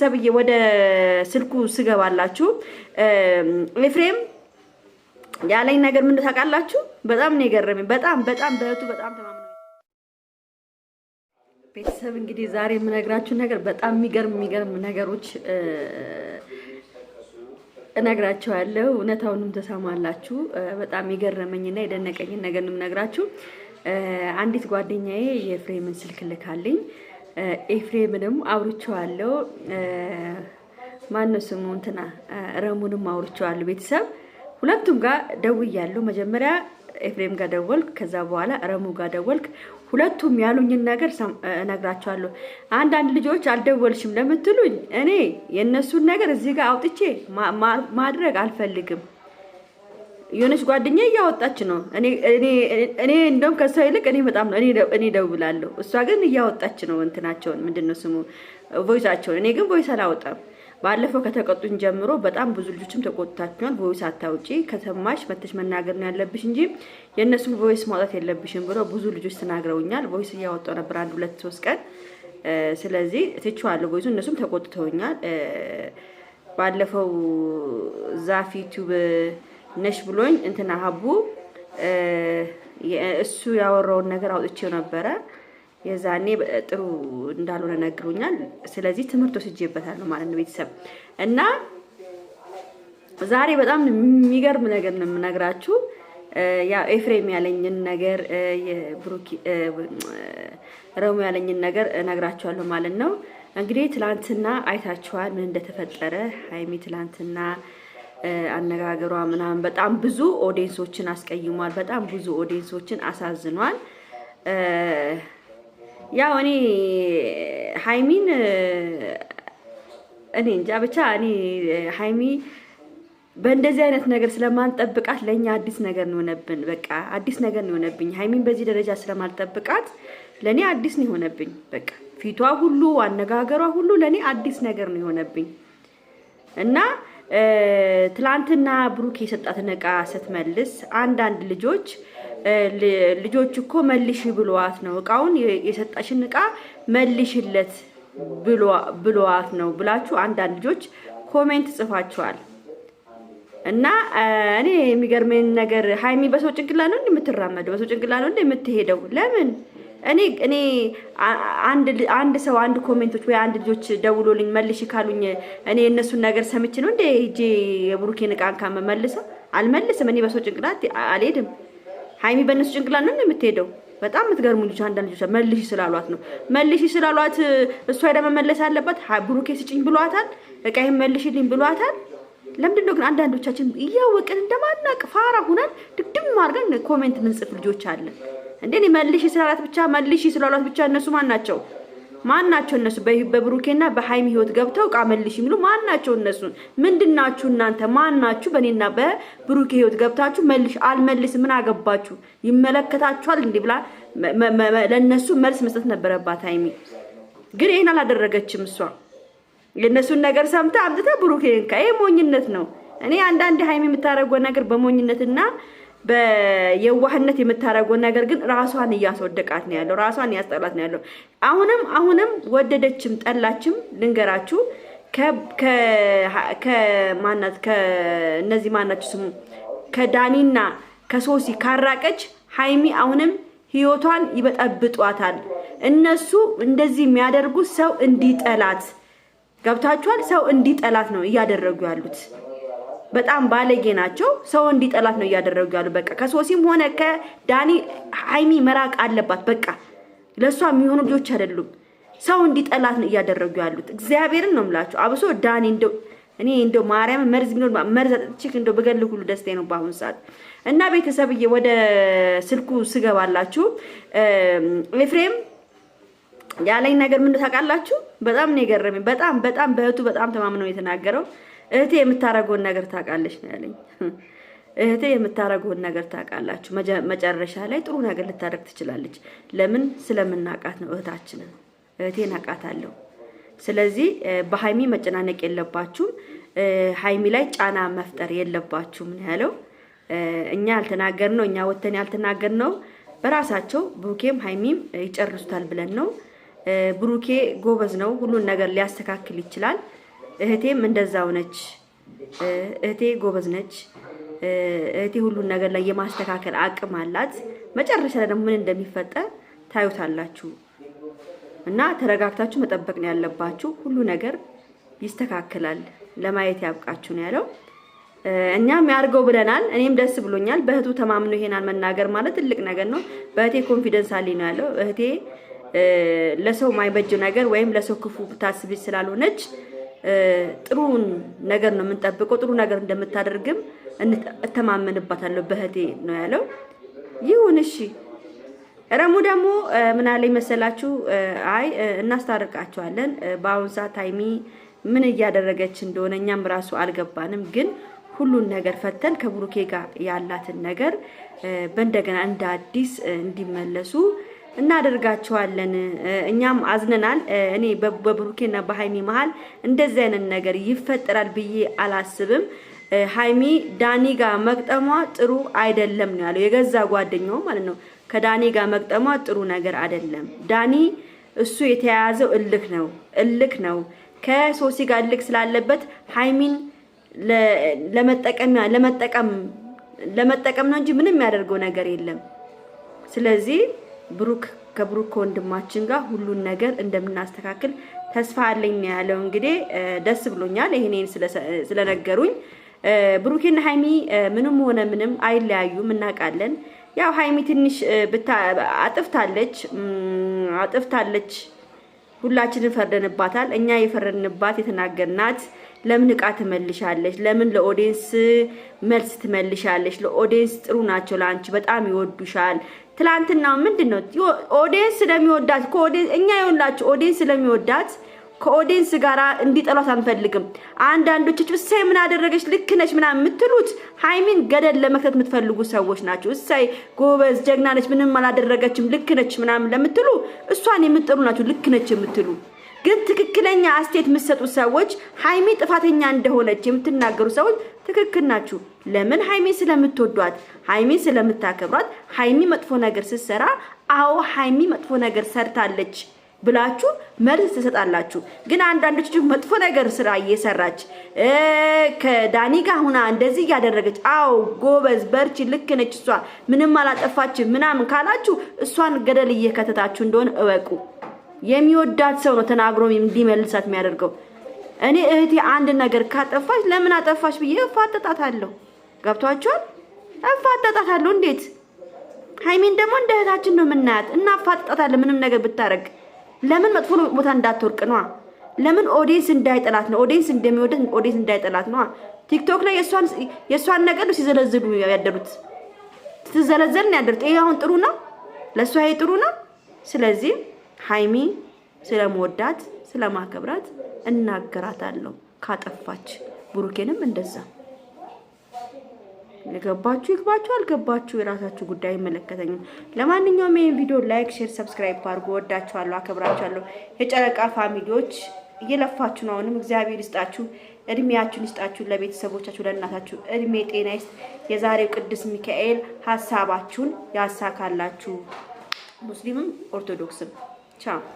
ሰብ ወደ ስልኩ ስገባላችሁ ኤፍሬም ያለኝ ነገር ምን ታውቃላችሁ? በጣም ነው የገረመኝ። በጣም በጣም በእህቱ በጣም ቤተሰብ እንግዲህ ዛሬ የምነግራችሁ ነገር በጣም የሚገርም የሚገርም ነገሮች እነግራችኋለሁ። እውነታውንም ተሰማላችሁ። በጣም የገረመኝና የደነቀኝን ነገር ነው የምነግራችሁ። አንዲት ጓደኛዬ የፍሬምን ስልክ ልካልኝ ኤፍሬምንም አውርቼዋለሁ። ማነው ስሙ እንትና ረሙንም አውርቼዋለሁ። ቤተሰብ ሁለቱም ጋር ደውያለሁ። መጀመሪያ ኤፍሬም ጋር ደወልክ፣ ከዛ በኋላ ረሙ ጋር ደወልክ። ሁለቱም ያሉኝን ነገር እነግራቸዋለሁ። አንዳንድ ልጆች አልደወልሽም ለምትሉኝ እኔ የእነሱን ነገር እዚህ ጋር አውጥቼ ማድረግ አልፈልግም። የሆነች ጓደኛ እያወጣች ነው። እኔ እንደውም ከእሷ ይልቅ እኔ በጣም ነው እኔ ደውላለሁ። እሷ ግን እያወጣች ነው እንትናቸውን ምንድን ነው ስሙ ቮይሳቸውን። እኔ ግን ቮይስ አላወጣም። ባለፈው ከተቀጡኝ ጀምሮ በጣም ብዙ ልጆችም ተቆጥታችኋል። ቮይስ አታውጪ፣ ከሰማሽ መተሽ መናገር ነው ያለብሽ እንጂ የእነሱን ቮይስ ማውጣት የለብሽም ብሎ ብዙ ልጆች ተናግረውኛል። ቮይስ እያወጣው ነበር አንድ ሁለት ሶስት ቀን። ስለዚህ ትችዋለሁ ቮይሱ። እነሱም ተቆጥተውኛል። ባለፈው ዛፊ ነሽ ብሎኝ እንትና ሀቡ እሱ ያወራውን ነገር አውጥቼው ነበረ። የዛኔ ጥሩ እንዳልሆነ ነግሮኛል። ስለዚህ ትምህርት ወስጄበታለሁ ማለት ነው ቤተሰብ እና ዛሬ በጣም የሚገርም ነገር ነው የምነግራችሁ። ያው ኤፍሬም ያለኝን ነገር የብሩክ ረሙ ያለኝን ነገር እነግራችኋለሁ ማለት ነው። እንግዲህ ትላንትና አይታችኋል ምን እንደተፈጠረ። ሀይሚ ትላንትና አነጋገሯ ምናምን በጣም ብዙ ኦዲየንሶችን አስቀይሟል። በጣም ብዙ ኦዲየንሶችን አሳዝኗል። ያው እኔ ሀይሚን እኔ እንጃ ብቻ እኔ ሀይሚ በእንደዚህ አይነት ነገር ስለማንጠብቃት ለእኛ አዲስ ነገር ነው የሆነብን። በቃ አዲስ ነገር ነው የሆነብኝ። ሀይሚን በዚህ ደረጃ ስለማልጠብቃት ለእኔ አዲስ ነው የሆነብኝ። በቃ ፊቷ ሁሉ አነጋገሯ ሁሉ ለእኔ አዲስ ነገር ነው የሆነብኝ እና ትላንትና ብሩክ የሰጣትን እቃ ስትመልስ አንዳንድ ልጆች ልጆች እኮ መልሽ ብሏት ነው እቃውን የሰጣሽን ዕቃ መልሽለት ብሏት ነው ብላችሁ አንዳንድ ልጆች ኮሜንት ጽፋችኋል። እና እኔ የሚገርመኝ ነገር ሀይሚ በሰው ጭንቅላ ነው የምትራመደው? በሰው ጭንቅላ ነው የምትሄደው? ለምን እኔ እኔ አንድ ሰው አንድ ኮሜንቶች ወይ አንድ ልጆች ደውሎልኝ መልሽ ካሉኝ እኔ እነሱን ነገር ሰምቼ ነው እንደ ሂጄ የብሩኬን ዕቃ እንካ መመልሰው አልመልስም። እኔ በሰው ጭንቅላት አልሄድም። ሀይሚ በእነሱ ጭንቅላት ነው የምትሄደው። በጣም የምትገርሙ ልጆች አንዳንድ ልጆች መልሽ ስላሏት ነው መልሽ ስላሏት እሷ ሄዳ መመለስ አለባት። ብሩኬ ስጭኝ ብሏታል። ዕቃዬን መልሽልኝ ብሏታል። ለምንድን ነው ግን አንዳንዶቻችን እያወቅን እንደማናቅ ፋራ ሁነን ድግድም አድርገን ኮሜንት ምንጽፍ ልጆች አለን? እንዴ መልሽ ስላላት ብቻ መልሽ ስላላት ብቻ እነሱ ማን ናቸው? ማን ናቸው እነሱ? በብሩኬና በሃይሚ ህይወት ገብተው እቃ መልሽ የሚሉ ማን ናቸው እነሱ? ምንድናችሁ እናንተ ማን ናችሁ? በእኔና በብሩኬ ህይወት ገብታችሁ መልሽ አልመልስ ምን አገባችሁ? ይመለከታችኋል እንዴ ብላ ለእነሱ መልስ መስጠት ነበረባት። ሃይሚ ግን ይህን አላደረገችም። እሷ የእነሱን ነገር ሰምታ አምጥታ ብሩኬን ሞኝነት ነው። እኔ አንዳንድ ሃይሚ የምታደርገው ነገር በሞኝነትና በየዋህነት የምታደርገውን ነገር ግን ራሷን እያስወደቃት ነው ያለው። ራሷን እያስጠላት ነው ያለው። አሁንም አሁንም ወደደችም ጠላችም ልንገራችሁ ከማናት ከእነዚህ ማናቸው ስሙ ከዳኒና ከሶሲ ካራቀች ሀይሚ አሁንም ህይወቷን ይበጠብጧታል። እነሱ እንደዚህ የሚያደርጉት ሰው እንዲጠላት ገብታችኋል። ሰው እንዲጠላት ነው እያደረጉ ያሉት። በጣም ባለጌ ናቸው። ሰው እንዲጠላት ነው እያደረጉ ያሉ። በቃ ከሶሲም ሆነ ከዳኒ ሀይሚ መራቅ አለባት። በቃ ለእሷ የሚሆኑ ልጆች አይደሉም። ሰው እንዲጠላት ነው እያደረጉ ያሉት። እግዚአብሔርን ነው ምላቸው። አብሶ ዳኒ እንደው እኔ እንደው ማርያም መርዝ ቢኖር መርዝ አጥቼክ እንደው በገል ሁሉ ደስታ ነው በአሁኑ ሰዓት። እና ቤተሰብዬ ወደ ስልኩ ስገባላችሁ ኤፍሬም ያለኝ ነገር ምን ታውቃላችሁ? በጣም ነው የገረመኝ። በጣም በጣም በእህቱ በጣም ተማምነው የተናገረው እህቴ የምታረገውን ነገር ታውቃለች ነው ያለኝ። እህቴ የምታረገውን ነገር ታውቃላችሁ። መጨረሻ ላይ ጥሩ ነገር ልታደርግ ትችላለች። ለምን? ስለምናቃት ነው እህታችንን። እህቴን አውቃታለሁ። ስለዚህ በሀይሚ መጨናነቅ የለባችሁም። ሀይሚ ላይ ጫና መፍጠር የለባችሁም ነው ያለው። እኛ ነው እኛ ወተን ነው። በራሳቸው ብሩኬም ሀይሚም ይጨርሱታል ብለን ነው። ብሩኬ ጎበዝ ነው፣ ሁሉን ነገር ሊያስተካክል ይችላል። እህቴም እንደዛው ነች። እህቴ ጎበዝ ነች። እህቴ ሁሉን ነገር ላይ የማስተካከል አቅም አላት። መጨረሻ ላይ ደግሞ ምን እንደሚፈጠር ታዩታላችሁ እና ተረጋግታችሁ መጠበቅ ነው ያለባችሁ። ሁሉ ነገር ይስተካከላል። ለማየት ያብቃችሁ ነው ያለው። እኛም ያድርገው ብለናል። እኔም ደስ ብሎኛል። በእህቱ ተማምኖ ይሄናል መናገር ማለት ትልቅ ነገር ነው። በእህቴ ኮንፊደንስ አለኝ ነው ያለው። እህቴ ለሰው ማይበጅ ነገር ወይም ለሰው ክፉ ታስቢ ስላልሆነች ጥሩን ነገር ነው የምንጠብቀው። ጥሩ ነገር እንደምታደርግም እተማመንባታለሁ በህቴ ነው ያለው። ይሁን እሺ። ረሙ ደግሞ ምን አለኝ መሰላችሁ? አይ እናስታርቃቸዋለን። በአሁኑ ሰዓት ታይሚ ምን እያደረገች እንደሆነ እኛም ራሱ አልገባንም፣ ግን ሁሉን ነገር ፈተን ከብሩኬ ጋር ያላትን ነገር በእንደገና እንደ አዲስ እንዲመለሱ እናደርጋቸዋለን። እኛም አዝነናል። እኔ በብሩኬና በሀይሚ መሀል እንደዚህ አይነት ነገር ይፈጠራል ብዬ አላስብም። ሀይሚ ዳኒ ጋር መቅጠሟ ጥሩ አይደለም ነው ያለው የገዛ ጓደኛው ማለት ነው። ከዳኒ ጋር መቅጠሟ ጥሩ ነገር አይደለም። ዳኒ እሱ የተያያዘው እልክ ነው እልክ ነው ከሶሲ ጋር እልክ ስላለበት ሀይሚን ለመጠቀም ለመጠቀም ነው እንጂ ምንም ያደርገው ነገር የለም። ስለዚህ ብሩክ ከብሩክ ወንድማችን ጋር ሁሉን ነገር እንደምናስተካክል ተስፋ አለኝ ያለው እንግዲህ ደስ ብሎኛል፣ ይሄኔን ስለነገሩኝ። ብሩኬና ሀይሚ ምንም ሆነ ምንም አይለያዩም፣ እናውቃለን። ያው ሀይሚ ትንሽ አጥፍታለች አጥፍታለች፣ ሁላችንም ፈርደንባታል። እኛ የፈረድንባት የተናገርናት ለምን እቃ ትመልሻለች? ለምን ለኦዲንስ መልስ ትመልሻለች? ለኦዲንስ ጥሩ ናቸው፣ ለአንቺ በጣም ይወዱሻል ትላንትና ምንድን ነው ኦዲየንስ ስለሚወዳት እኛ የወላችሁ ኦዲየንስ ስለሚወዳት ከኦዲየንስ ጋር እንዲጠሏት አንፈልግም። አንዳንዶቻችሁ እሳይ ምን አደረገች ልክ ነች ምናምን የምትሉት ሀይሚን ገደል ለመክተት የምትፈልጉ ሰዎች ናቸው። እሳይ ጎበዝ ጀግና ነች ምንም አላደረገችም ልክ ነች ምናምን ለምትሉ እሷን የምትጠሉ ናቸው ልክ ነች የምትሉ ግን ትክክለኛ አስቴት የምትሰጡ ሰዎች ሀይሚ ጥፋተኛ እንደሆነች የምትናገሩ ሰዎች ትክክል ናችሁ። ለምን ሀይሚ ስለምትወዷት፣ ሀይሚ ስለምታከብሯት፣ ሀይሚ መጥፎ ነገር ስትሰራ አዎ ሀይሚ መጥፎ ነገር ሰርታለች ብላችሁ መልስ ትሰጣላችሁ። ግን አንዳንዶች ደግሞ መጥፎ ነገር ስራ እየሰራች ከዳኒ ጋር ሁና እንደዚህ እያደረገች አዎ ጎበዝ በርቺ፣ ልክ ነች እሷ ምንም አላጠፋችም ምናምን ካላችሁ እሷን ገደል እየከተታችሁ እንደሆነ እወቁ። የሚወዳት ሰው ነው ተናግሮ እንዲመልሳት የሚያደርገው። እኔ እህቴ አንድ ነገር ካጠፋች ለምን አጠፋች ብዬ እፋጠጣታለሁ። ገብቷችኋል? እፋጠጣታለሁ። እንዴት ሀይሜን ደግሞ እንደ እህታችን ነው የምናያት እና እፋጠጣታለሁ። ምንም ነገር ብታደርግ ለምን መጥፎ ቦታ እንዳትወርቅ ነዋ። ለምን ኦዲንስ እንዳይጠላት ነው። ኦዲንስ እንደሚወደ ኦዲንስ እንዳይጠላት ነዋ። ቲክቶክ ላይ የእሷን ነገር ሲዘለዝሉ ያደሩት ስትዘለዘል ነው ያደሩት። ይሄ አሁን ጥሩ ነው ለእሷ ይሄ ጥሩ ነው። ስለዚህ ሀይሚ ስለመወዳት ስለማከብራት እናገራታለሁ ካጠፋች ብሩኬንም እንደዛ የገባችሁ ይግባችሁ፣ አልገባችሁ የራሳችሁ ጉዳይ አይመለከተኝም። ለማንኛውም ይህን ቪዲዮ ላይክ፣ ሼር፣ ሰብስክራይብ አድርጎ ወዳችኋለሁ፣ አከብራችኋለሁ። የጨረቃ ፋሚሊዎች እየለፋችሁ ነው። አሁንም እግዚአብሔር ይስጣችሁ፣ እድሜያችሁን ይስጣችሁ፣ ለቤተሰቦቻችሁ ለእናታችሁ እድሜ ጤና ይስጥ። የዛሬው ቅዱስ ሚካኤል ሀሳባችሁን ያሳካላችሁ፣ ሙስሊምም ኦርቶዶክስም 唱。